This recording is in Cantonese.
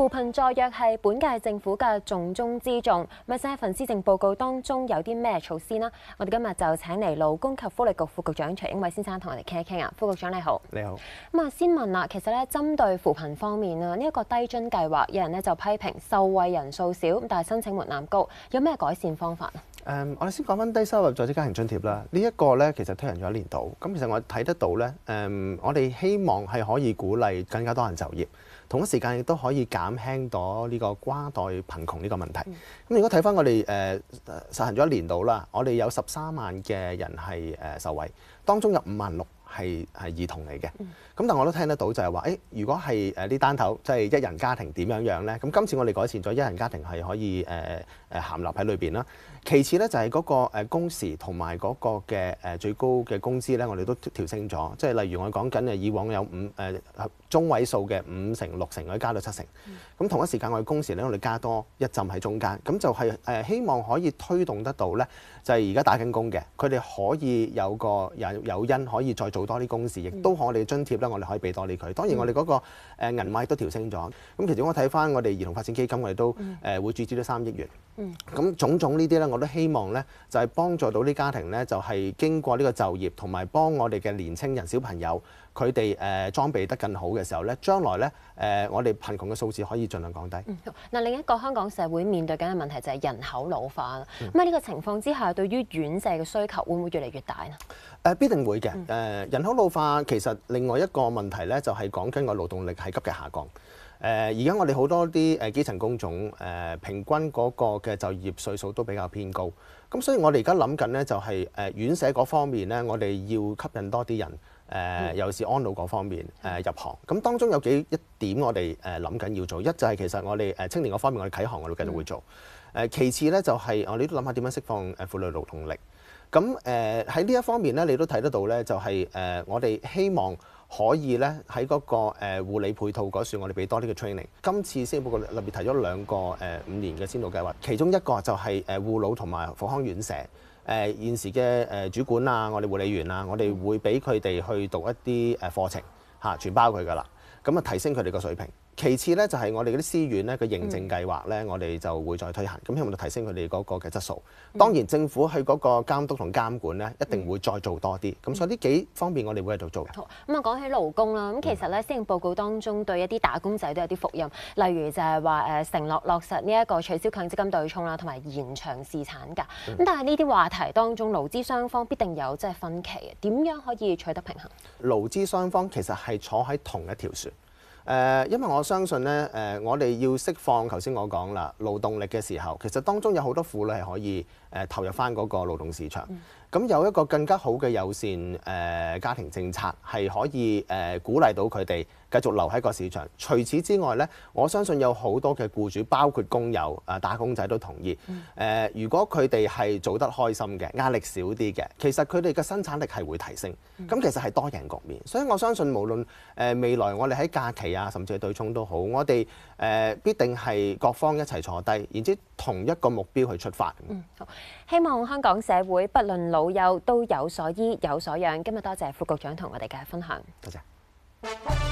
扶貧助弱係本屆政府嘅重中之重。咁一份施政報告當中有啲咩措施呢？我哋今日就請嚟勞工及福利局副局長徐英偉先生同我哋傾一傾啊。副局長你好，你好。咁啊好，先問啦，其實咧針對扶貧方面啊，呢、這、一個低津計劃有人咧就批評受惠人數少，但係申請門檻高，有咩改善方法？誒，um, 我哋先講翻低收入在職家庭津貼啦。這個、呢一個咧，其實推行咗一年度。咁其實我睇得到咧，誒、um,，我哋希望係可以鼓勵更加多人就業，同一時間亦都可以減輕到呢個跨代貧窮呢個問題。咁、嗯、如果睇翻我哋誒、呃、實行咗一年度啦，我哋有十三萬嘅人係誒、呃、受惠，當中有五萬六。係係兒童嚟嘅，咁但我都聽得到就係話，誒如果係誒呢單頭即係、就是、一人家庭點樣樣咧？咁今次我哋改善咗一人家庭係可以誒誒、呃、涵納喺裏邊啦。其次咧就係、是、嗰個工時同埋嗰個嘅誒最高嘅工資咧，我哋都調升咗。即係例如我講緊以往有五誒、呃、中位數嘅五成六成，我哋加到七成。咁、嗯、同一時間我哋工時咧，我哋加多一陣喺中間。咁就係、是、誒、呃、希望可以推動得到咧，就係而家打緊工嘅，佢哋可以有個有有因可以再做。好多啲公事，亦都可我哋嘅津貼咧，我哋可以俾多啲佢。當然，我哋嗰個誒銀碼都調升咗。咁其實我睇翻我哋兒童發展基金，我哋都誒會注資咗三億元。咁、嗯、種種呢啲咧，我都希望咧，就係幫助到啲家庭咧，就係經過呢個就業，同埋幫我哋嘅年青人小朋友，佢哋誒裝備得更好嘅時候咧，將來咧誒、呃，我哋貧窮嘅數字可以盡量降低。嗱、嗯，另一個香港社會面對緊嘅問題就係人口老化。咁喺呢個情況之下，對於院舍嘅需求會唔會越嚟越大咧？誒、呃，必定會嘅。誒、呃。嗯人口老化其實另外一個問題咧，就係講緊個勞動力係急嘅下降。誒，而家我哋好多啲誒基層工種誒平均嗰個嘅就業歲數都比較偏高。咁所以我哋而家諗緊咧，就係誒院舍嗰方面咧，我哋要吸引多啲人誒，尤其是安老嗰方面誒入行。咁當中有幾一點我哋誒諗緊要做，一就係其實我哋誒青年嗰方面，我哋啟航我哋繼續會做。誒，其次咧就係我哋都諗下點樣釋放誒婦女勞動力。咁誒喺呢一方面咧，你都睇得到咧，就係、是、誒、呃、我哋希望可以咧喺嗰個誒、呃、護理配套嗰處，我哋俾多啲嘅 training。今次施政報告特別提咗兩個誒、呃、五年嘅先導計劃，其中一個就係誒護老同埋復康院舍誒現時嘅誒主管啊，我哋護理員啊，我哋會俾佢哋去讀一啲誒課程吓，全、啊、包佢噶啦，咁啊提升佢哋個水平。其次咧，就係、是、我哋啲私院咧嘅認證計劃咧，嗯、我哋就會再推行。咁希望提升佢哋嗰個嘅質素。當然，嗯、政府去嗰個監督同監管咧，一定會再做多啲。咁、嗯、所以呢幾方面我，我哋會喺度做。咁、嗯、啊，講起勞工啦，咁其實咧，施政報告當中對一啲打工仔都有啲福音，例如就係話誒承諾落實呢一個取消強積金對沖啦，同埋延長試產假侍產假。咁、嗯、但係呢啲話題當中，勞資雙方必定有即係分歧嘅。點樣可以取得平衡？嗯、勞資雙方其實係坐喺同一條船。誒、呃，因為我相信咧，誒、呃，我哋要釋放頭先我講啦，勞動力嘅時候，其實當中有好多婦女係可以誒、呃、投入翻嗰個勞動市場。嗯咁有一個更加好嘅友善誒、呃、家庭政策係可以誒、呃、鼓勵到佢哋繼續留喺個市場。除此之外咧，我相信有好多嘅僱主，包括工友啊、呃、打工仔都同意。誒、嗯呃，如果佢哋係做得開心嘅，壓力少啲嘅，其實佢哋嘅生產力係會提升。咁、嗯、其實係多贏局面，所以我相信無論誒未來我哋喺假期啊，甚至係對沖都好，我哋誒、呃、必定係各方一齊坐低，然之同一個目標去出發。嗯，好，希望香港社會不論老幼都有所依，有所養，今日多謝副局長同我哋嘅分享。多謝。